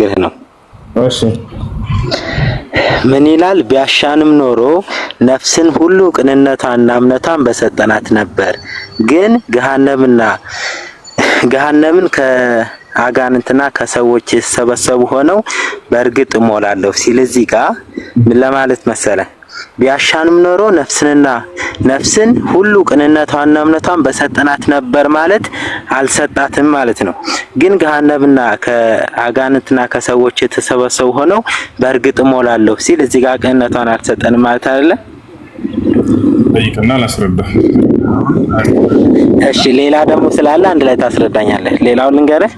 ግርህ ነው። እሺ ምን ይላል? ቢያሻንም ኖሮ ነፍስን ሁሉ ቅንነቷንና እምነቷን በሰጠናት ነበር። ግን ገሃነምና ገሃነምን ከአጋንንትና ከሰዎች የተሰበሰቡ ሆነው በእርግጥ እሞላለሁ ሲል እዚህ ጋር ምን ለማለት መሰለ? ቢያሻንም ኖሮ ነፍስንና ነፍስን ሁሉ ቅንነቷና እምነቷን በሰጠናት ነበር ማለት አልሰጣትም ማለት ነው። ግን ገሃነምና ከአጋንንትና ከሰዎች የተሰበሰቡ ሆነው በእርግጥ እሞላለሁ ሲል እዚህ ጋር ቅንነቷን አልሰጠንም ማለት አይደለም። ጠይቅና ላስረዳ። እሺ፣ ሌላ ደግሞ ስላለ አንድ ላይ ታስረዳኛለህ። ሌላው ልንገርህ።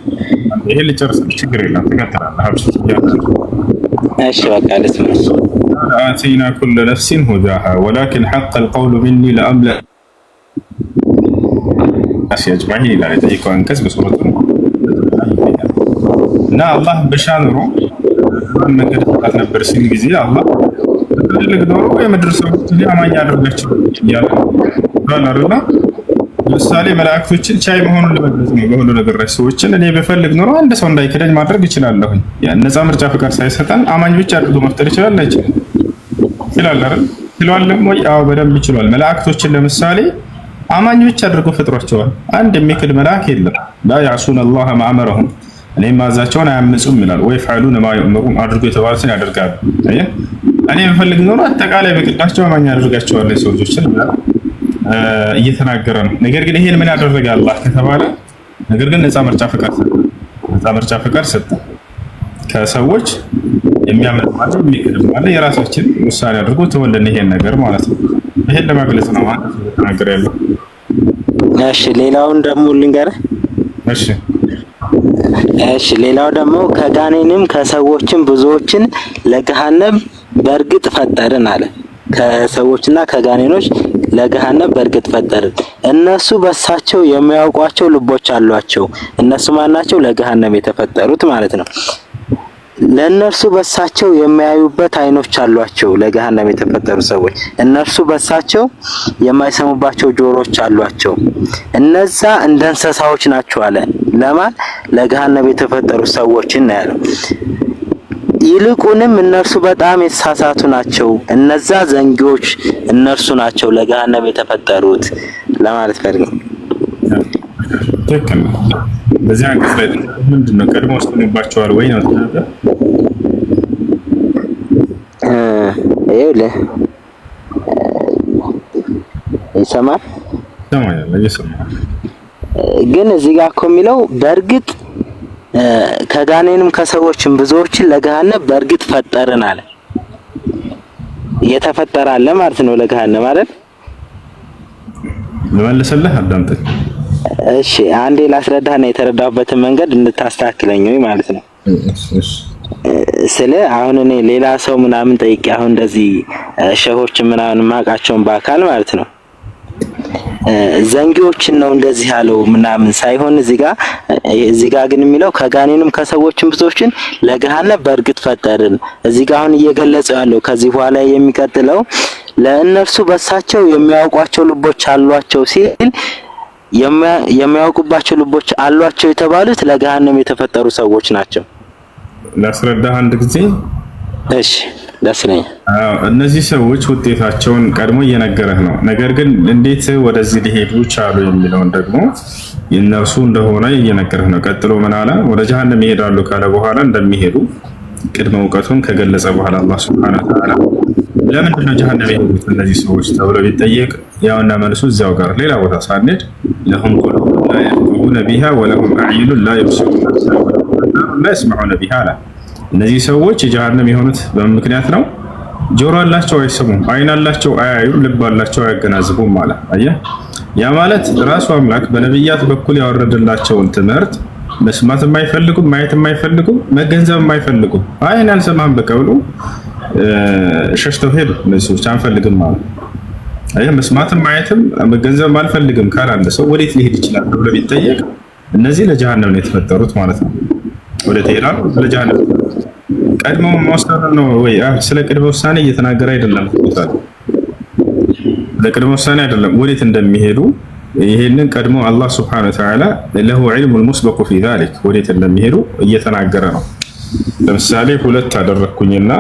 ይሄ ልጨርስ፣ ችግር የለም። ትቀጥላለህ። እሺ፣ በቃ ልስምሽ አተይና ኩለ ነፍሲን ሁዳሃ ወላኪን ሐቀል ቀውሉ ሚኒ ለአምለ አስያጅማሂ ይላል የጠይቀው አንቀጽ በሱረቱ እና አላህ በሻኑሮ መንገድ ፈቃድ ነበር ሲል ጊዜ አላህ ትልቅ ዶሮ የምድር ሰዎች አማኝ አድርጋቸው እያለ ባላርና ለምሳሌ መላእክቶችን ቻይ መሆኑን ለመግለጽ ነው። በሁሉ ነገር ላይ ሰዎችን እኔ በፈልግ ኖሮ አንድ ሰው እንዳይከደኝ ማድረግ ይችላለሁኝ። ነፃ ምርጫ ፍቃድ ሳይሰጠን አማኝ ብቻ አድርጎ መፍጠር ይችላል አይችልም? ይላል አይደል? ችሏልም ወይ? አዎ በደንብ ይችሏል። መላእክቶችን ለምሳሌ አማኞች አድርጎ ፈጥሯቸዋል። አንድ የሚክል መልአክ የለም። ላ ያዕሱነ ላህ ማ አመረሁም እኔ ማዛቸውን አያምፁም ይላል። ወይ ፈዕሉነ ማ ዩእመሩን አድርጎ የተባሉትን ያደርጋሉ። እኔ የምፈልግ ኖሮ አጠቃላይ በቅዳቸው አማኝ አድርጋቸዋለ ሰው ልጆችን እየተናገረ ነው። ነገር ግን ይሄን ምን ያደረገ አላህ ከተባለ ነገር ግን ነፃ ምርጫ ፍቃድ ሰጠ። ነፃ ምርጫ ፍቃድ ሰጠ ከሰዎች የሚያምን ማለት ማለት የራሳችን ውሳኔ አድርጎ ተወልን ይሄን ነገር ማለት ነው። ይሄን ለማግለጽ ነው ማለት ተናገር ያለው። እሺ ሌላውን ደግሞ ልንገር። እሺ እሺ ሌላው ደግሞ ከጋኔንም ከሰዎችም ብዙዎችን ለገሃነም በእርግጥ ፈጠርን አለ። ከሰዎችና ከጋኔኖች ለገሃነም በእርግጥ ፈጠርን። እነሱ በሳቸው የሚያውቋቸው ልቦች አሏቸው። እነሱ ማናቸው? ለገሃነም የተፈጠሩት ማለት ነው። ለእነርሱ በሳቸው የሚያዩበት አይኖች አሏቸው፣ ለገሃነም የተፈጠሩ ሰዎች እነርሱ በሳቸው የማይሰሙባቸው ጆሮች አሏቸው። እነዛ እንደ እንስሳዎች ናቸው አለ። ለማን? ለገሃነም የተፈጠሩ ሰዎችን ነው ያለው። ይልቁንም እነርሱ በጣም የተሳሳቱ ናቸው። እነዛ ዘንጊዎች እነርሱ ናቸው ለገሃነም የተፈጠሩት ለማለት ፈልገው። ፈልግ በዚህ አንቀጽ ላይ ምንድን ነው ቀድሞ አስቀምባቸዋል ወይ ነው ተናገ ይኸውልህ፣ ይሰማል ግን እዚህ ጋር እኮ የሚለው በእርግጥ ከጋኔንም ከሰዎችም ብዙዎችን ለገሃነም በእርግጥ ፈጠርን አለ። የተፈጠረ አለ ማለት ነው ለገሃነም ማለት ልመልስልህ፣ አዳምጠኝ እሺ አንዴ ላስረዳህና የተረዳሁበትን መንገድ እንድታስተካክለኝ ማለት ነው። ስለ አሁን እኔ ሌላ ሰው ምናምን ጠይቄ አሁን እንደዚህ ሸሆች ምናምን ማውቃቸውን በአካል ማለት ነው ዘንጊዎችን ነው እንደዚህ ያለው ምናምን ሳይሆን እዚህ ጋር እዚህ ጋር ግን የሚለው ከጋኔንም ከሰዎችም ብዙዎችን ለገሃነም በእርግጥ ፈጠርን። እዚህ ጋር አሁን እየገለጸው ያለው ከዚህ በኋላ የሚቀጥለው ለእነርሱ በሳቸው የሚያውቋቸው ልቦች አሏቸው ሲል የሚያውቁባቸው ልቦች አሏቸው የተባሉት ለገሃነም የተፈጠሩ ሰዎች ናቸው። ላስረዳህ አንድ ጊዜ እሺ፣ ደስ እነዚህ ሰዎች ውጤታቸውን ቀድሞ እየነገረህ ነው። ነገር ግን እንዴት ወደዚህ ሊሄዱ ቻሉ የሚለውን ደግሞ እነርሱ እንደሆነ እየነገረህ ነው። ቀጥሎ ምን አለ? ወደ ጀሃነም ይሄዳሉ ካለ በኋላ እንደሚሄዱ ቅድመ እውቀቱን ከገለጸ በኋላ አላህ ስብሐነሁ ወተዓላ ለምንድን ነው ጀሃነም የሄዱት እነዚህ ሰዎች ተብሎ ቢጠየቅ ያውና መልሱ እዚያው ጋር ሌላ ቦታ ሳንሄድ ለሁም ቁሉቡን ላ የፍቀሁነ ቢሃ ወለሁም አዕዩኑን ላ ዩብሲሩነ ላ የስመዑነ ቢሃ አለ። እነዚህ ሰዎች ጀሃነም የሆኑት በምን ምክንያት ነው? ጆሮ አላቸው አይሰሙም፣ አይን አላቸው አያዩም፣ ልብ አላቸው አያገናዝቡም አለ። አየህ፣ ያ ማለት ራሱ አምላክ በነቢያት በኩል ያወረደላቸውን ትምህርት መስማት የማይፈልጉም ማየት የማይፈልጉም መገንዘብ የማይፈልጉም አይ እኔ አልሰማህም በቃ ብሎ ሸሽተው ሄዱ። እነዚህ ሰዎች አንፈልግም አሉ። ይህ መስማትም ማየትም መገንዘብ አልፈልግም ካል አንድ ሰው ወዴት ሊሄድ ይችላል ብሎ ቢጠየቅ እነዚህ ለጀሃነም ነው የተፈጠሩት ማለት ነው። ወደ ተሄዳል ለጀሃነም ቀድሞ መወሰን ነው ወይ ስለ ቅድመ ውሳኔ እየተናገረ አይደለም። ለቅድመ ውሳኔ አይደለም ወዴት እንደሚሄዱ ይህንን ቀድሞ አላህ ስብሐነሁ ወተዓላ ለሁ ዒልሙል ሙስበቁ ፊ ዛሊክ ወዴት እንደሚሄዱ እየተናገረ ነው። ለምሳሌ ሁለት አደረግኩኝና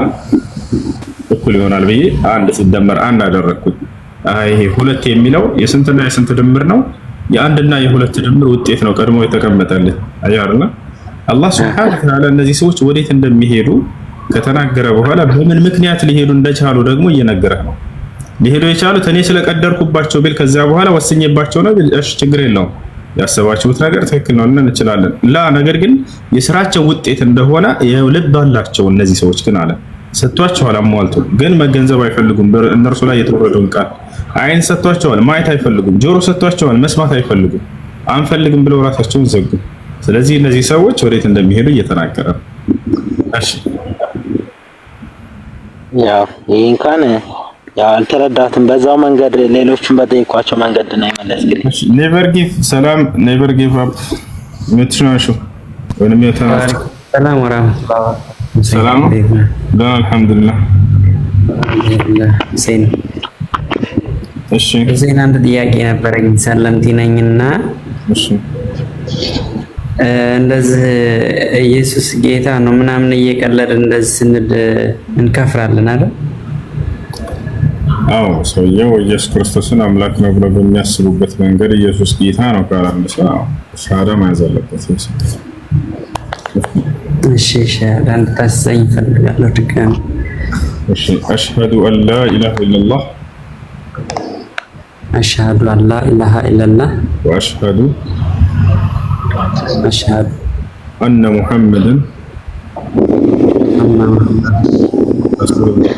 እኩል ይሆናል ብዬ አንድ ሲደመር አንድ አደረግኩኝ። ይሄ ሁለት የሚለው የስንትና የስንት ድምር ነው? የአንድና የሁለት ድምር ውጤት ነው ቀድሞ የተቀመጠልን። አያርና አላህ ስብሐነሁ ወተዓላ እነዚህ ሰዎች ወዴት እንደሚሄዱ ከተናገረ በኋላ በምን ምክንያት ሊሄዱ እንደቻሉ ደግሞ እየነገረ ነው። ሊሄዱ የቻሉት እኔ ስለቀደርኩባቸው ቢል ከዚያ በኋላ ወስኜባቸው ነው ቢል እሺ ችግር የለውም ያሰባችሁት ነገር ትክክል ነው ልንል እንችላለን። ላ ነገር ግን የስራቸው ውጤት እንደሆነ ልብ አላቸው እነዚህ ሰዎች ግን አለ ሰጥቷቸዋል፣ አሟልቶ ግን መገንዘብ አይፈልጉም። እነርሱ ላይ የተወረደውን ቃል አይን ሰጥቷቸዋል፣ ማየት አይፈልጉም። ጆሮ ሰጥቷቸዋል፣ መስማት አይፈልጉም። አንፈልግም ብለው ራሳቸውን ዘጉ። ስለዚህ እነዚህ ሰዎች ወዴት እንደሚሄዱ እየተናገረ እሺ ይህ እንኳን አልተረዳትም። በዛው መንገድ ሌሎችን በጠይቋቸው መንገድ ነው የመለስክልኝ። ኔቨር ጊቭ ሰላም፣ ኔቨር ጊቭ አፕ ምትሽናሹ ወንም የተናሽ ሰላም ወራ ሰላም ደህና አልሐምዱሊላህ። ሁሴን እሺ፣ ሁሴን አንድ ጥያቄ ነበረኝ። ሰለምቲ ነኝና እሺ እንደዚህ ኢየሱስ ጌታ ነው ምናምን እየቀለድ እንደዚህ ስንል እንከፍራለን አይደል? አዎ ሰውየው ኢየሱስ ክርስቶስን አምላክ ነው ብለው በሚያስቡበት መንገድ ኢየሱስ ጌታ ነው ካላንድ ሰው ሻሃዳ መያዝ አለበት። እሺ ሻሃዳ እንድታሰኝ እፈልጋለሁ ድጋሚ። እሺ አሽሀዱ አን ላ ኢላሃ ኢለላህ አሽሀዱ አን ላ ኢላሃ ኢለላህ ወአሽሀዱ አሽሀዱ አነ ሙሐመድን አነ ሙሐመድን ረሱሉላህ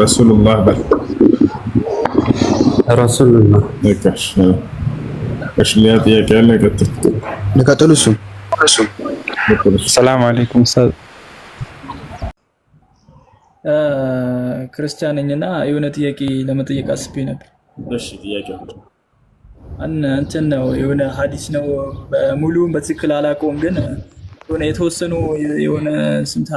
ረሱሉላህ በል ረሱሉላህ ሌላ ጥያቄ ያለ ቀጥል። እሱም ሰላም አለይኩም ክርስቲያን ነኝና የሆነ ጥያቄ ለመጠየቅ አስቤ ነበር። እንትን ነው የሆነ ሀዲስ ነው። ሙሉውን በትክክል አላውቀውም፣ ግን የሆነ የተወሰኑ የሆነ ስንት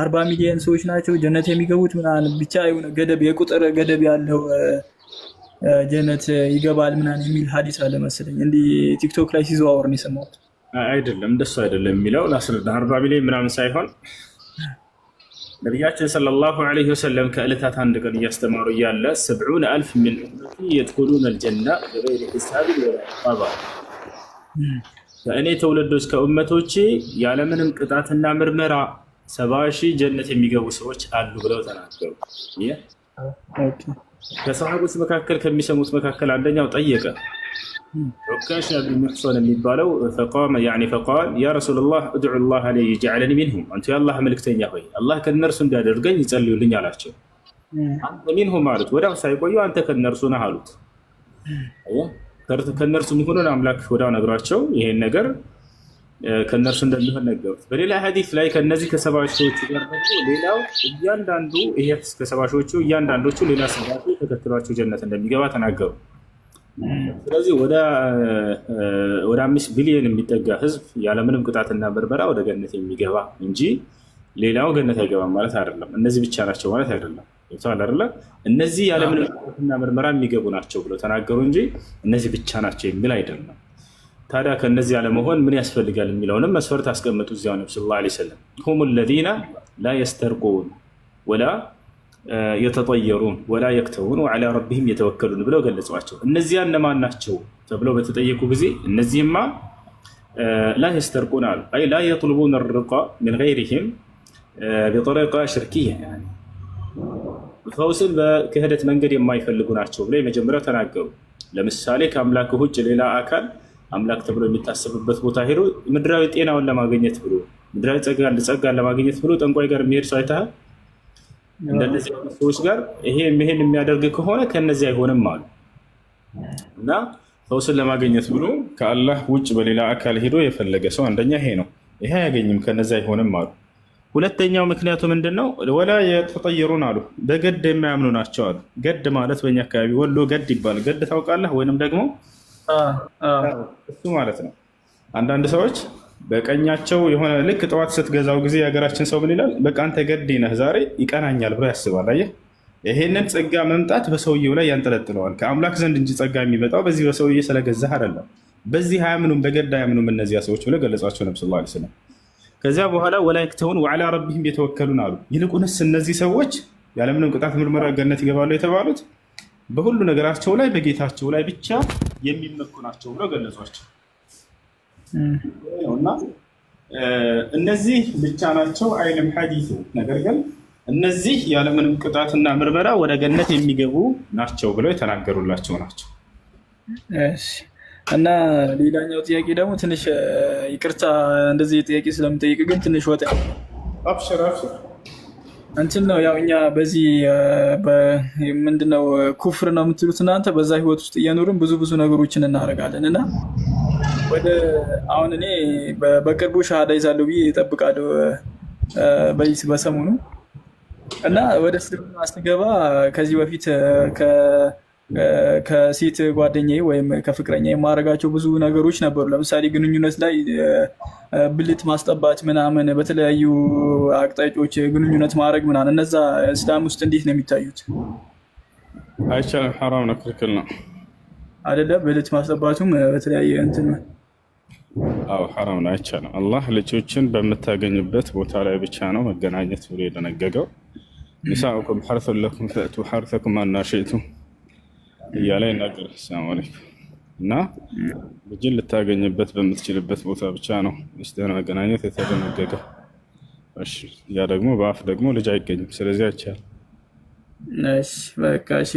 አርባ ሚሊዮን ሰዎች ናቸው ጀነት የሚገቡት ምናምን ብቻ የሆነ ገደብ የቁጥር ገደብ ያለው ጀነት ይገባል ምናምን የሚል ሀዲስ አለ መሰለኝ። እንዲህ ቲክቶክ ላይ ሲዘዋወር ነው የሰማሁት። አይደለም እንደሱ አይደለም የሚለው ላስረዳ አርባ ሚሊዮን ምናምን ሳይሆን ነቢያችን ሰለላሁ ዐለይሂ ወሰለም ከዕለታት አንድ ቀን እያስተማሩ እያለ ሰብዑነ አልፍ ሚን ኡመቲ የድኹሉነ አልጀና ቢገይሪ ሒሳብን ወላ ከእኔ ተውለዶች ከኡመቶቼ ያለምንም ቅጣትና ምርመራ ሰባ ሺህ ጀነት የሚገቡ ሰዎች አሉ ብለው ተናገሩ። ከሰሃቦች መካከል ከሚሰሙት መካከል አንደኛው ጠየቀ ዑካሻ ብን ሙሕሶን የሚባለው ፈቃመ ያኒ ፈቃል ያ ረሱላላህ እድዑ ላህ ለ ይጀዓለኒ ሚንሁም፣ አንቱ የአላህ መልክተኛ ሆይ አላህ ከነርሱ እንዲያደርገኝ ይጸልዩልኝ አላቸው። አንተ ሚንሁም አሉት፣ ወዲያው ሳይቆዩ አንተ ከእነርሱ ነህ አሉት። ከእነርሱ መሆኑን አምላክ ወዲያው ነግሯቸው ይሄን ነገር ከእነርሱ እንደሚሆን ነገሩት። በሌላ ሀዲስ ላይ ከእነዚህ ከሰባ ጋር ደግሞ ሌላው እያንዳንዱ ይሄ ከሰባ እያንዳንዶቹ ሌላ ሰባ ተከትሏቸው ጀነት እንደሚገባ ተናገሩ። ስለዚህ ወደ አምስት ቢሊዮን የሚጠጋ ህዝብ ያለምንም ቅጣትና በርበራ ወደ ገነት የሚገባ እንጂ ሌላው ገነት አይገባም ማለት አይደለም። እነዚህ ብቻ ናቸው ማለት አይደለም። ይብተዋል አለ እነዚህ ያለምንም ቅጣትና ምርመራ የሚገቡ ናቸው ብለው ተናገሩ እንጂ እነዚህ ብቻ ናቸው የሚል አይደለም። ታዲያ ከእነዚህ ያለመሆን ምን ያስፈልጋል የሚለውንም መስፈርት አስቀምጡ። እዚያው ነብ ስ ላ ሰለም ሁም ለዚነ ላ የስተርቁን ወላ የተጠየሩን ወላ የክተውን ዓላ ረቢህም የተወከሉን ብለው ገለጸዋቸው። እነዚያ እነማን ናቸው ተብለው በተጠየቁ ጊዜ እነዚህማ ላ የስተርቁን አሉ። አይ ላ የጥልቡን ርቃ ምን ገይሪህም በጠሪቃ ሽርክያ ፈውስን በክህደት መንገድ የማይፈልጉ ናቸው ብለው የመጀመሪያው ተናገሩ። ለምሳሌ ከአምላክ ውጭ ሌላ አካል አምላክ ተብሎ የሚታሰብበት ቦታ ሄዶ ምድራዊ ጤናውን ለማግኘት ብሎ ምድራዊ ጸጋን ለማግኘት ብሎ ጠንቋይ ጋር የሚሄድ ሰው አይተሃል? እንደነዚህ ሰዎች ጋር ይሄ ይሄን የሚያደርግ ከሆነ ከነዚህ አይሆንም አሉ እና ፈውስን ለማግኘት ብሎ ከአላህ ውጭ በሌላ አካል ሄዶ የፈለገ ሰው አንደኛ ይሄ ነው። ይሄ አያገኝም፣ ከነዚህ አይሆንም አሉ። ሁለተኛው ምክንያቱ ምንድን ነው? ወላ የተጠየሩን አሉ፣ በገድ የማያምኑ ናቸው አሉ። ገድ ማለት በእኛ አካባቢ ወሎ ገድ ይባላል። ገድ ታውቃለህ? ወይንም ደግሞ እሱ ማለት ነው አንዳንድ ሰዎች በቀኛቸው የሆነ ልክ ጠዋት ስትገዛው ጊዜ የሀገራችን ሰው ምን ይላል? በቃ አንተ ገዴ ነህ ዛሬ ይቀናኛል ብሎ ያስባል። አየህ፣ ይሄንን ጸጋ መምጣት በሰውየው ላይ ያንጠለጥለዋል። ከአምላክ ዘንድ እንጂ ጸጋ የሚመጣው በዚህ በሰውዬ ስለገዛህ አይደለም። በዚህ አያምኑም፣ በገድ አያምኑም እነዚያ ሰዎች ብለው ገለጿቸው ነብ ሰለላሁ ላ ስለም። ከዚያ በኋላ ወላይክተውን ወዐላ ረቢህም የተወከሉን አሉ። ይልቁንስ እነዚህ ሰዎች ያለምንም ቅጣት ምርመራ ገነት ይገባሉ የተባሉት በሁሉ ነገራቸው ላይ በጌታቸው ላይ ብቻ የሚመኩ ናቸው ብለው ገለጿቸው። እና እነዚህ ብቻ ናቸው አይልም ሐዲሱ። ነገር ግን እነዚህ ያለምንም ቅጣትና ምርመራ ወደ ገነት የሚገቡ ናቸው ብለው የተናገሩላቸው ናቸው። እና ሌላኛው ጥያቄ ደግሞ ትንሽ ይቅርታ፣ እንደዚህ ጥያቄ ስለምጠይቅ ግን ትንሽ ወጣ አብሽር አብሽር እንትን ነው ያው እኛ በዚህ ምንድነው ኩፍር ነው የምትሉት እናንተ በዛ ህይወት ውስጥ እየኖርን ብዙ ብዙ ነገሮችን እናደርጋለን እና ወደ አሁን እኔ በቅርቡ ሻሃዳ ይዛለሁ ብዬ እጠብቃለሁ በሰሞኑ እና ወደ እስልምና ስገባ ከዚህ በፊት ከሴት ጓደኛ ወይም ከፍቅረኛ የማደርጋቸው ብዙ ነገሮች ነበሩ። ለምሳሌ ግንኙነት ላይ ብልት ማስጠባት ምናምን፣ በተለያዩ አቅጣጫዎች ግንኙነት ማድረግ ምናምን፣ እነዛ እስላም ውስጥ እንዴት ነው የሚታዩት? አይቻልም፣ ሐራም ነው፣ ክልክል ነው አይደለም። ብልት ማስጠባቱም በተለያየ እንትን አው ሐራም ነው አይቻልም። አላህ ልጆችን በምታገኙበት ቦታ ላይ ብቻ ነው መገናኘት ብሎ የደነገገው። ኒሳኡኩም ሐርሱን ለኩም ፈእቱ ሐርሰኩም አናሽቱ እያለ ይናገር። ሰላም አለይኩም እና ልጅን ልታገኝበት በምትችልበት ቦታ ብቻ ነው ሚስትህን መገናኘት የተደነገገው። እሺ፣ ያ ደግሞ በአፍ ደግሞ ልጅ አይገኝም። ስለዚህ አይቻልም። እሺ በቃ እሺ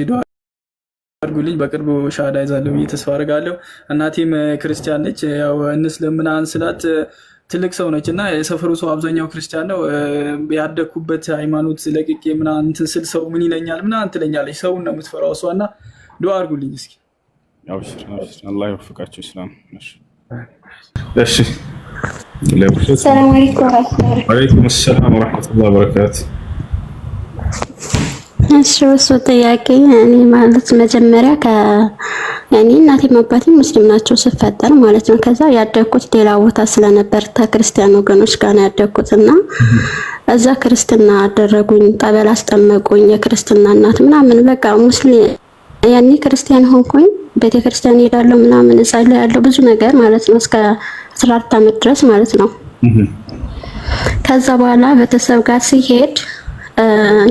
እንድታደርጉልኝ በቅርቡ ሻዳ ይዛለሁ ብዬ ተስፋ አድርጋለሁ። እናቴም ክርስቲያን ነች። ያው እንስለምና አንስላት ትልቅ ሰው ነች እና የሰፈሩ ሰው አብዛኛው ክርስቲያን ነው። ያደግኩበት ሃይማኖት ለቅቄ ምናምን እንትን ስል ሰው ምን ይለኛል ምናምን ትለኛለች። ሰውን ነው የምትፈራው እሷ እና ዱዓ አድርጉልኝ እስኪ። አላህ ይወፍቃቸው። ስላም እሺ። ሰላም አለይኩም ረመቱላ በረካቱ እሺ እሱ ጥያቄ እኔ ማለት መጀመሪያ ከ ያኔ እናቴም አባቴም ሙስሊም ናቸው ስፈጠር ማለት ነው። ከዛ ያደግኩት ሌላ ቦታ ስለነበር ከክርስቲያን ወገኖች ጋር ነው ያደግኩት እና እዛ ክርስትና አደረጉኝ፣ ጠበል አስጠመቁኝ፣ የክርስትና እናት ምናምን በቃ ሙስሊም ያኔ ክርስቲያን ሆንኩኝ። ቤተክርስቲያን ክርስቲያን ሄዳለሁ ምናምን እጸልያለሁ ብዙ ነገር ማለት ነው እስከ 14 ዓመት ድረስ ማለት ነው። ከዛ በኋላ ቤተሰብ ጋር ሲሄድ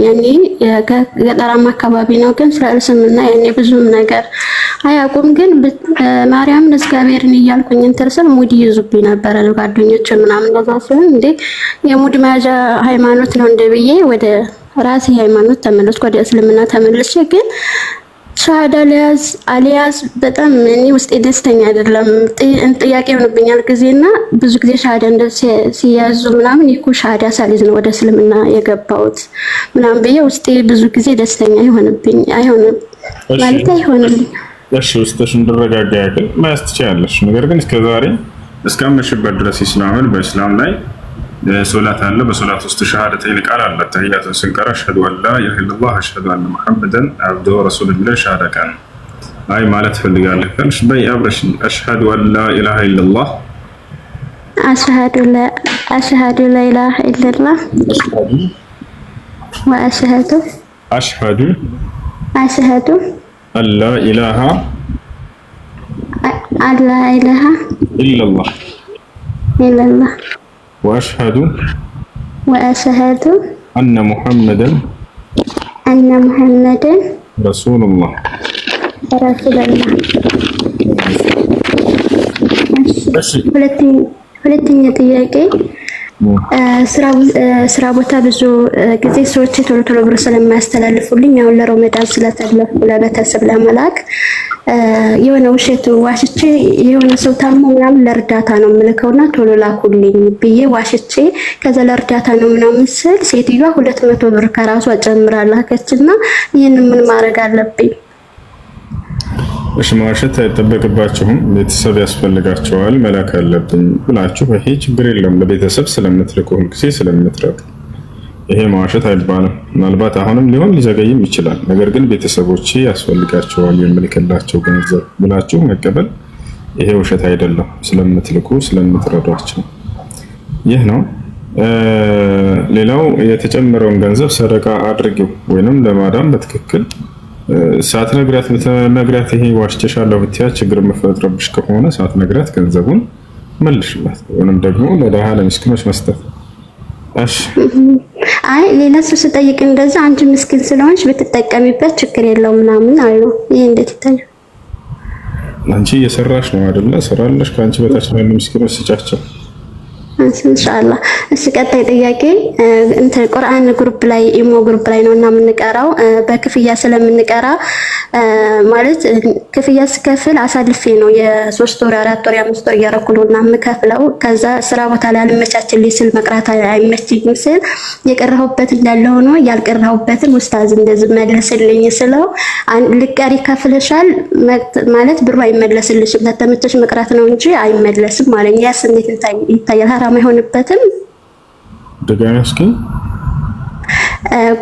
ያኔ ገጠራማ አካባቢ ነው፣ ግን ስለ እስልምና ያኔ ብዙም ነገር አያውቁም። ግን ማርያምን እግዚአብሔርን እያልኩኝ እንትን ስል ሙድ ይዙብኝ ነበረ ጓደኞች ምናምን። ለዛ ሲሆን እንዴ የሙድ መያዣ ሃይማኖት ነው እንደ ብዬ ወደ ራሴ ሃይማኖት ተመለስኩ፣ ወደ እስልምና ተመልሼ ግን ሻሃዳ ለያዝ አልያዝ በጣም እኔ ውስጤ ደስተኛ አይደለም። ጥያቄ ሆንብኛል ጊዜና ብዙ ጊዜ ሻሃዳ እንደ ሲያዙ ምናምን ይኮ ሻሃዳ ሳሊዝ ነው ወደ እስልምና የገባሁት ምናምን ብዬ ውስጤ ብዙ ጊዜ ደስተኛ አይሆንብኝ አይሆንም ማለት አይሆንም። እሺ ውስጥሽ እንድረጋጋ ያክል መያዝ ትችያለሽ። ነገር ግን እስከዛሬ እስካመሽበት ድረስ ኢስላምን በእስላም ላይ ሶላት አለ። በሶላት ውስጥ ሸሃደተይን ቃል አለ። ተህያትን ስንቀራ አሽሀዱ አላ ኢላሀ ኢለላህ አሽሀዱ አነ ሙሐመደን አብዱሁ ወረሱሉሁ ብለህ ሸሃዳ ቃል አይ ማለት ፈልጋለህ ካልሽ በይ አብረሽ አሽሀዱ አላ ኢላሀ ኢለላህ አሽሀዱ ላ ኢላሀ ኢለላህ ወአሽሀዱ አሽሀዱ አሽሀዱ አላ ኢላሀ አላ ኢላሀ ኢለላህ ኢለላህ وأشهد وأشهد أن محمدا أن محمدا رسول الله رسول الله ሁለተኛ ጥያቄ ስራ ቦታ ብዙ ጊዜ ሰዎች ቶሎ ቶሎ ብር ስለማያስተላልፉልኝ አሁን ለሮመዳን ስለተለፉ ለቤተሰብ ለመላክ የሆነ ውሸት ዋሽቼ የሆነ ሰው ታሞ ምናምን ለእርዳታ ነው የምልከውና ቶሎ ላኩልኝ ብዬ ዋሽቼ ከዛ ለእርዳታ ነው ምናምን ስል ሴትዮዋ ሁለት መቶ ብር ከራሷ ጨምራ ላከችና ይህን ምን ማድረግ አለብኝ? እሺ መዋሸት አይጠበቅባችሁም። ቤተሰብ ያስፈልጋቸዋል መላክ አለብኝ ብላችሁ ይሄ ችግር የለም ለቤተሰብ ስለምትልኩ ሁል ጊዜ ስለምትረቅ ይሄ መዋሸት አይባልም። ምናልባት አሁንም ሊሆን ሊዘገይም ይችላል። ነገር ግን ቤተሰቦች ያስፈልጋቸዋል የምልክላቸው ገንዘብ ብላችሁ መቀበል ይሄ ውሸት አይደለም። ስለምትልኩ ስለምትረዷቸው ይህ ነው። ሌላው የተጨመረውን ገንዘብ ሰደቃ አድርጊው ወይንም ለማዳም በትክክል ሰዓት ነግራት ነግራት ይሄ ዋሽቼሻለሁ ብትያ ችግር የምፈጥረብሽ ከሆነ ሰዓት ነግራት ገንዘቡን መልሽላት፣ ወይም ደግሞ ለድሃ ለምስኪኖች መስጠት። እሺ አይ ሌላ ሰው ስጠይቅ እንደዛ አንቺ ምስኪን ስለሆንሽ ብትጠቀሚበት ችግር የለው ምናምን አሉ። ይሄ እንዴት ይታያል? አንቺ እየሰራሽ ነው አይደለ? ሰራለሽ። ከአንቺ በታች ነው ምስኪኖች ስጫቸው። እንሻላ እሺ ቀጣይ ጥያቄ እንትን ቁርአን ግሩፕ ላይ ኢሞ ግሩፕ ላይ ነው ነውና የምንቀራው በክፍያ ስለምንቀራ ማለት ክፍያ ስከፍል አሳልፌ ነው የሶስት ወር አራት ወር አምስት ወር እያረኩ እና የምከፍለው። ከዛ ስራ ቦታ ላይ አልመቻችልኝ ስል መቅራት አይመችኝም ስል የቀረሁበት እንዳለ ሆኖ ያልቀራሁበትን ኡስታዝ እንደዚህ መለስልኝ ስለው ልቀሪ ከፍልሻል ማለት ብሩ አይመለስልሽም ተተምተሽ መቅራት ነው እንጂ አይመለስም ማለት ያስ እንዴት ይታያል? ድራማ አይሆንበትም። ደጋሚ እስኪ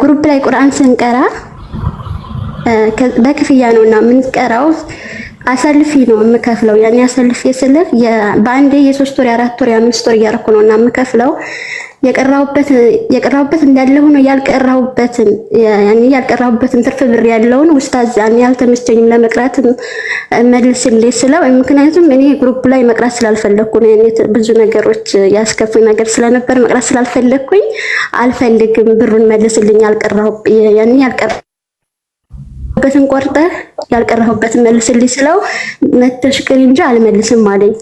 ግሩፕ ላይ ቁርአን ስንቀራ በክፍያ ነውና የምንቀራው አሰልፊ ነው የምከፍለው። ያኔ አሰልፊ ስልህ በአንዴ የሶስት ወር የአራት ወር የአምስት ወር እያደረኩ ነው እና የምከፍለው የቀራሁበት እንዳለ ሆኖ ያልቀራሁበትን ያኔ ትርፍ ብር ያለውን ውስታዝ ያኔ ያልተመቸኝም ለመቅራት መልስልኝ ስለው፣ ምክንያቱም እኔ ግሩፕ ላይ መቅራት ስላልፈለግኩ ብዙ ነገሮች ያስከፉኝ ነገር ስለነበር መቅራት ስላልፈለግኩኝ አልፈልግም፣ ብሩን መልስልኝ፣ ያልቀራሁ ያኔ ያልቀራሁበትን ቆርጠህ ያልቀራሁበትን መልስልኝ ስለው መተሽቅሪ እንጂ አልመልስም አለኝ።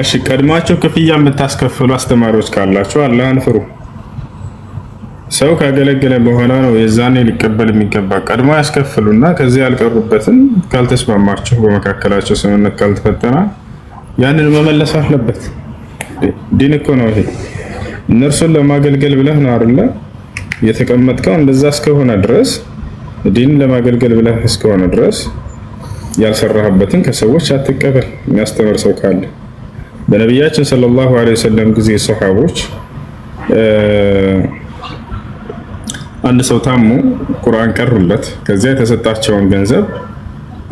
እሺ ቀድማቸው ክፍያ የምታስከፍሉ አስተማሪዎች ካላችሁ አላህን ፍሩ። ሰው ካገለገለ በኋላ ነው የዛኔ ሊቀበል የሚገባ። ቀድሞ ያስከፍሉና ከዚህ ያልቀሩበትን ካልተስማማችሁ፣ በመካከላቸው ስምምነት ካልተፈጠና ያንን መመለስ አለበት። ዲን እኮ ነው ይሄ። እነርሱን ለማገልገል ብለህ ነው አይደለ የተቀመጥከው? እንደዛ እስከሆነ ድረስ ዲን ለማገልገል ብለህ እስከሆነ ድረስ ያልሰራህበትን ከሰዎች አትቀበል። የሚያስተምር ሰው ካለ በነቢያችን ሰለላሁ ዐለይሂ ወሰለም ጊዜ ሰሓቦች አንድ ሰው ታሞ ቁርአን ቀሩለት። ከዚያ የተሰጣቸውን ገንዘብ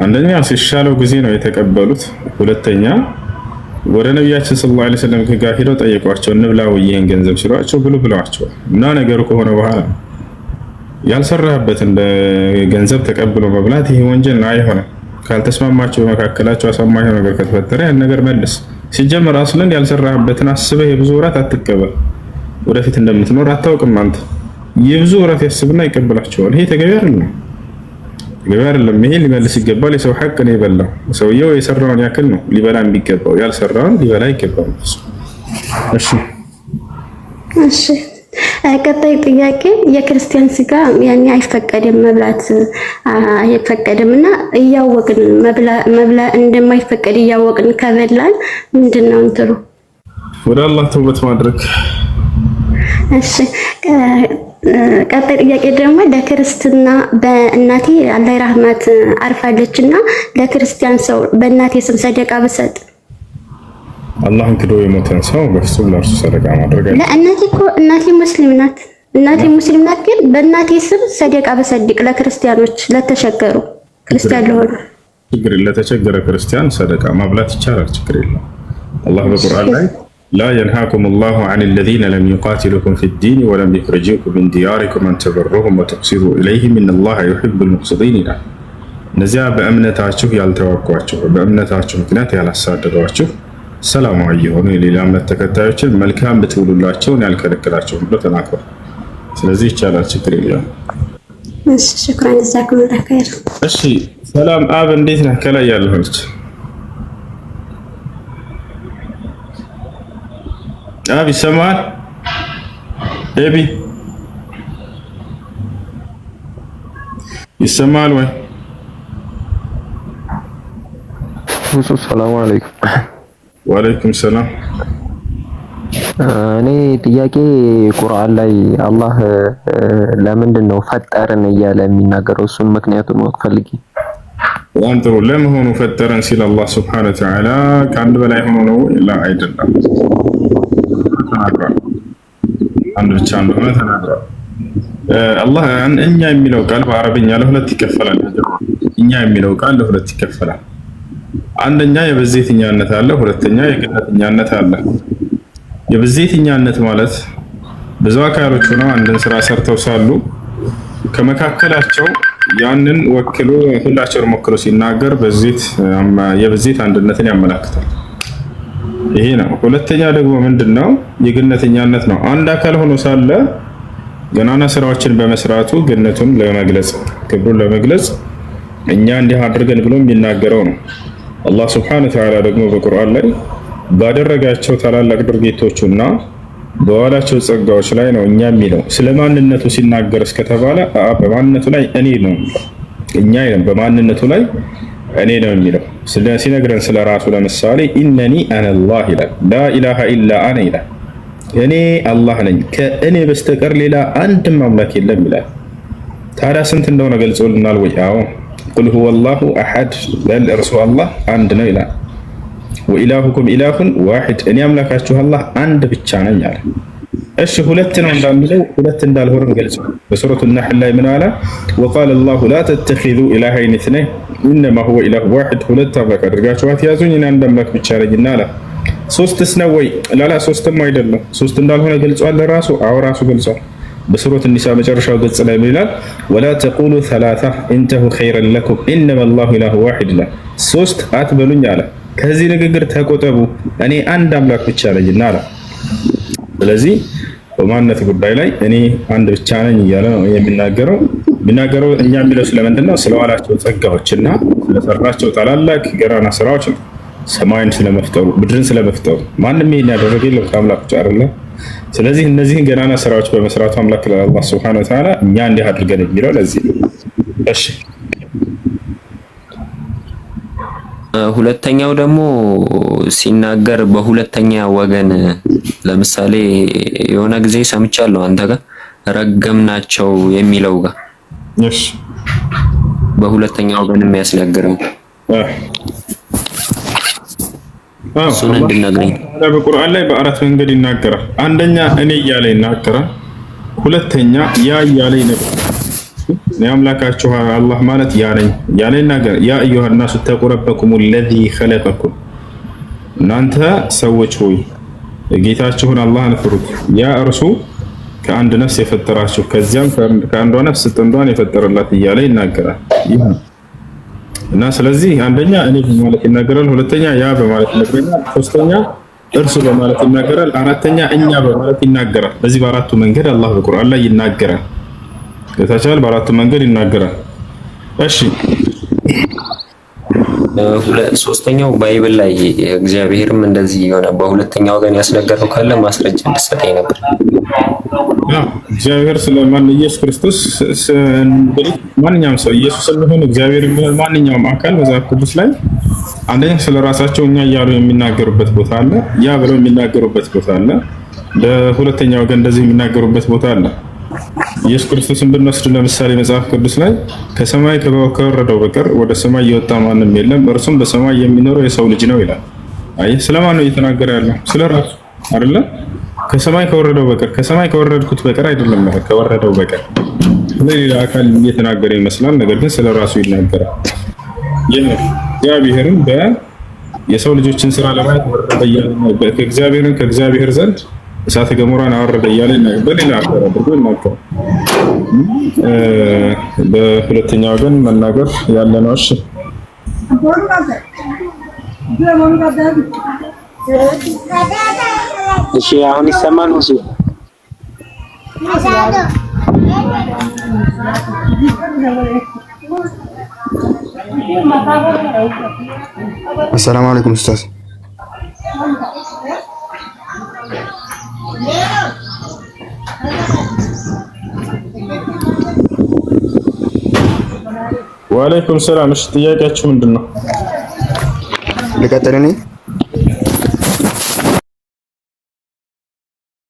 አንደኛ ሲሻለው ጊዜ ነው የተቀበሉት። ሁለተኛ ወደ ነቢያችን ሰለላሁ ዐለይሂ ወሰለም ጋር ሄደው ጠየቋቸው። እንብላው ይህን ገንዘብ ሲሏቸው ብሉ ብለዋቸዋል። እና ነገሩ ከሆነ በኋላ ያልሰራህበትን ገንዘብ ተቀብሎ መብላት ይህ ወንጀል አይሆንም። ካልተስማማቸው በመካከላቸው አሳማኝ ነገር ከተፈጠረ ያን ነገር መልስ ሲጀመር አስለን ያልሰራህበትን አስበህ የብዙ ወራት አትቀበል። ወደፊት እንደምትኖር አታውቅም። አንተ የብዙ ወራት ያስብና ይቀበላቸዋል። ይሄ ተገቢ አይደለም፣ ተገቢ አይደለም። ይሄ ሊመልስ ይገባል። የሰው ሀቅ ነው የበላው። ሰውየው የሰራውን ያክል ነው ሊበላ የሚገባው፣ ያልሰራውን ሊበላ ይገባል። እሺ፣ እሺ ቀጣይ ጥያቄ የክርስቲያን ስጋ ያኔ አይፈቀድም መብላት አይፈቀድም እና እያወቅን መብላ እንደማይፈቀድ እያወቅን ከበላን ምንድን ነው እንትሩ ወደ አላህ ተውበት ማድረግ እሺ ቀጣይ ጥያቄ ደግሞ ለክርስትና በእናቴ አላህ ራህማት አርፋለች እና ለክርስቲያን ሰው በእናቴ ስም ሰደቃ ብሰጥ አላህን ክዶ የሞተን ሰው በፍጹም ለእርሱ ሰደቃ ማድረግ ለእናቴ እኮ እናቴ ሙስሊም ናት። እናቴ ሙስሊም ናት፣ ግን በእናቴ ስም ሰደቃ በሰድቅ ለክርስቲያኖች፣ ለተቸገሩ ክርስቲያን ለሆኑ ችግር ለተቸገረ ክርስቲያን ሰደቃ ማብላት ይቻላል። ችግር የለም። አላህ በቁርአን ላይ ላ የንሃኩም ላሁ አን ለዚነ ለም ዩቃትሉኩም ፊ ዲን ወለም ዩኽርጅኩም ምን ዲያሪኩም አንተበሩሁም ወትቅሲሩ ኢለይህም ኢነላሃ ዩሒቡል ሙቅሲጢን ይላል። እነዚያ በእምነታችሁ ያልተዋጓችሁ፣ በእምነታችሁ ምክንያት ያላሳደዷችሁ ሰላማዊ የሆኑ የሌላ እምነት ተከታዮችን መልካም ብትውሉላቸውን ያልከለክላቸውን ብሎ ተናግሯል። ስለዚህ ይቻላል፣ ችግር የለውም። እሺ፣ ሰላም አብ፣ እንዴት ነህ? ከላይ ያለሆነች አብ ይሰማል። ኤቢ ይሰማል ወይ? ሰላም አለይኩም ወአለይኩም ሰላም። እኔ ጥያቄ ቁርአን ላይ አላህ ለምንድን ነው ፈጠርን እያለ የሚናገረው? እሱን ምክንያቱን ወቅ ፈልጊ። በጣም ጥሩ። ለመሆኑ ፈጠረን ሲል አላህ ስብሐነ ወተዓላ ከአንድ በላይ ሆኖ ነው? ላ አይደለም፣ ተናግሯል። አንድ ብቻ እንደሆነ ተናግሯል። አላህ እኛ የሚለው ቃል በአረብኛ ለሁለት ይከፈላል። እኛ የሚለው ቃል ለሁለት ይከፈላል። አንደኛ የብዜትኛነት አለ፣ ሁለተኛ የግለትኛነት አለ። የብዜተኛነት ማለት ብዙ አካሎች ሆነው አንድን ስራ ሰርተው ሳሉ ከመካከላቸው ያንን ወክሎ ሁላቸውን ወክሎ ሲናገር በዚት የብዜት አንድነትን ያመላክታል። ይሄ ነው። ሁለተኛ ደግሞ ምንድነው? የግነተኛነት ነው። አንድ አካል ሆኖ ሳለ ገናና ስራዎችን በመስራቱ ግነቱን ለመግለጽ ክብሩን ለመግለጽ እኛ እንዲህ አድርገን ብሎ የሚናገረው ነው። አላህ ስብሐነሁ ወተዓላ ደግሞ በቁርአን ላይ ባደረጋቸው ታላላቅ ድርጊቶቹና በዋላቸው ጸጋዎች ላይ ነው እኛ የሚለው። ስለ ማንነቱ ሲናገር እስከተባለ በማንነቱ ላይ እኔ ነው እኛ በማንነቱ ላይ እኔ ነው የሚለው ሲነግረን ስለ ራሱ ለምሳሌ ኢነኒ አነላህ ይላል። ላኢላሃ ኢላ አነ ይላል። እኔ አላህ ነኝ ከእኔ በስተቀር ሌላ አንድም አምላክ የለም ይላል። ታዲያ ስንት እንደሆነ ገልጾልናል ወይ? አዎ ቁል ሁወ ላሁ አሐድ በል እርሱ አላህ አንድ ነው ይላል። ወኢላሁኩም ኢላሁን ዋሂድ እኔ አምላካችሁ አላህ አንድ ብቻ ነኝ አለ። እሺ ሁለት ነው እንዳንለው ሁለት እንዳልሆነም ገልጸው በሱረቱ ነሕል ላይ ምን አለ? ወቃለ ላሁ ላ ተተኪዙ ኢላሀይን ኢስነይን ኢነማ ሁወ ኢላሁ ዋሂድ፣ ሁለት አምላክ አድርጋችሁ አትያዙኝ እኔ አንድ አምላክ ብቻ ነኝና አለ። ሶስትስ ነው ወይ ላላ ሶስትም አይደለም ሶስት እንዳልሆነ ገልጿል። ራሱ አዎ ራሱ ገልጿል። በሱረት ኒሳ መጨረሻው ገጽ ላይ ምን ይላል? ወላ ተቁሉ ሰላሳ ኢንተሁ ኸይረን ለኩም ኢነማ ላሁ ኢላሁ ዋሂድ ይላል። ሶስት አትበሉኝ አለ። ከዚህ ንግግር ተቆጠቡ፣ እኔ አንድ አምላክ ብቻ ነኝና አለ። ስለዚህ በማንነት ጉዳይ ላይ እኔ አንድ ብቻ ነኝ እያለ ነው የሚናገረው። የሚናገረው እኛ የሚለው ስለምንድን ነው? ስለዋላቸው ጸጋዎችና ስለሰራቸው ታላላቅ ገራና ስራዎች ነው። ሰማይን ስለመፍጠሩ፣ ምድርን ስለመፍጠሩ ማንም ይሄን ያደረገ የለም ከአምላክ ውጭ አይደለም። ስለዚህ እነዚህን ገናና ስራዎች በመስራቱ አምላክ ለአላህ ስብሐነ ወተዓላ እኛ እንዲህ አድርገን የሚለው ለዚህ እሺ። ሁለተኛው ደግሞ ሲናገር በሁለተኛ ወገን ለምሳሌ የሆነ ጊዜ ሰምቻለሁ አንተ ጋር ናቸው የሚለው ጋር በሁለተኛ ወገን የሚያስነግረው እሱን እንድነግረኝ። በቁርአን ላይ በአራት መንገድ ይናገራል። አንደኛ እኔ እያለ ይናገራል። ሁለተኛ ያ እያለ ነበር አምላካችሁ አላህ ማለት ያለኝ ያለ ይናገር ያ አዩሃ ናሱ ተቁ ረበኩም ለዚ ከለቀኩም እናንተ ሰዎች ሆይ ጌታችሁን አላህን ፍሩት። ያ እርሱ ከአንድ ነፍስ የፈጠራችሁ ከዚያም ከአንዷ ነፍስ ጥንዷን የፈጠረላት እያለ ይናገራል። እና ስለዚህ አንደኛ እኔ በማለት ይናገራል፣ ሁለተኛ ያ በማለት ይናገራል፣ ሶስተኛ እርሱ በማለት ይናገራል፣ አራተኛ እኛ በማለት ይናገራል። በዚህ በአራቱ መንገድ አላህ በቁርአን ላይ ይናገራል። ከታቻል በአራቱ መንገድ ይናገራል። እሺ ሶስተኛው ባይብል ላይ እግዚአብሔርም እንደዚህ የሆነ በሁለተኛ ወገን ያስነገረው ካለ ማስረጃ እንድትሰጠኝ ነበር። እግዚአብሔር ስለማን ኢየሱስ ክርስቶስ ማንኛውም ሰው ኢየሱስ ስለሆነ እግዚአብሔር ማንኛውም አካል መጽሐፍ ቅዱስ ላይ አንደኛ ስለ ራሳቸው እኛ እያሉ የሚናገሩበት ቦታ አለ። ያ ብለው የሚናገሩበት ቦታ አለ። በሁለተኛ ወገን እንደዚህ የሚናገሩበት ቦታ አለ። ኢየሱስ ክርስቶስን ብንወስድ ለምሳሌ መጽሐፍ ቅዱስ ላይ ከሰማይ ከወረደው በቀር ወደ ሰማይ የወጣ ማንም የለም፣ እርሱም በሰማይ የሚኖረው የሰው ልጅ ነው ይላል። አይ ስለማን ነው እየተናገረ ያለው? ስለ ራሱ አይደለ? ከሰማይ ከወረደው በቀር ከሰማይ ከወረድኩት በቀር አይደለም ማለት ከወረደው በቀር ለሌላ አካል እየተናገረ ይመስላል። ነገር ግን ስለ ራሱ ይናገራል። እግዚአብሔርን በየሰው ልጆችን ስራ ለማየት ወረደ እያለ ከእግዚአብሔርን ከእግዚአብሔር ዘንድ እሳተ ገሞራን አወረደ እያለ በሌላ አገር አድርጎ ይናገራል። በሁለተኛው ግን መናገር ያለ ነው። እሺ እሺ፣ አሁን ይሰማል። ሁሱ አሰላሙ አለይኩም ኡስታዝ ወአለይኩም ሰላም። እሺ ጥያቄያችሁ ምንድን ነው? ልቀጥል እኔ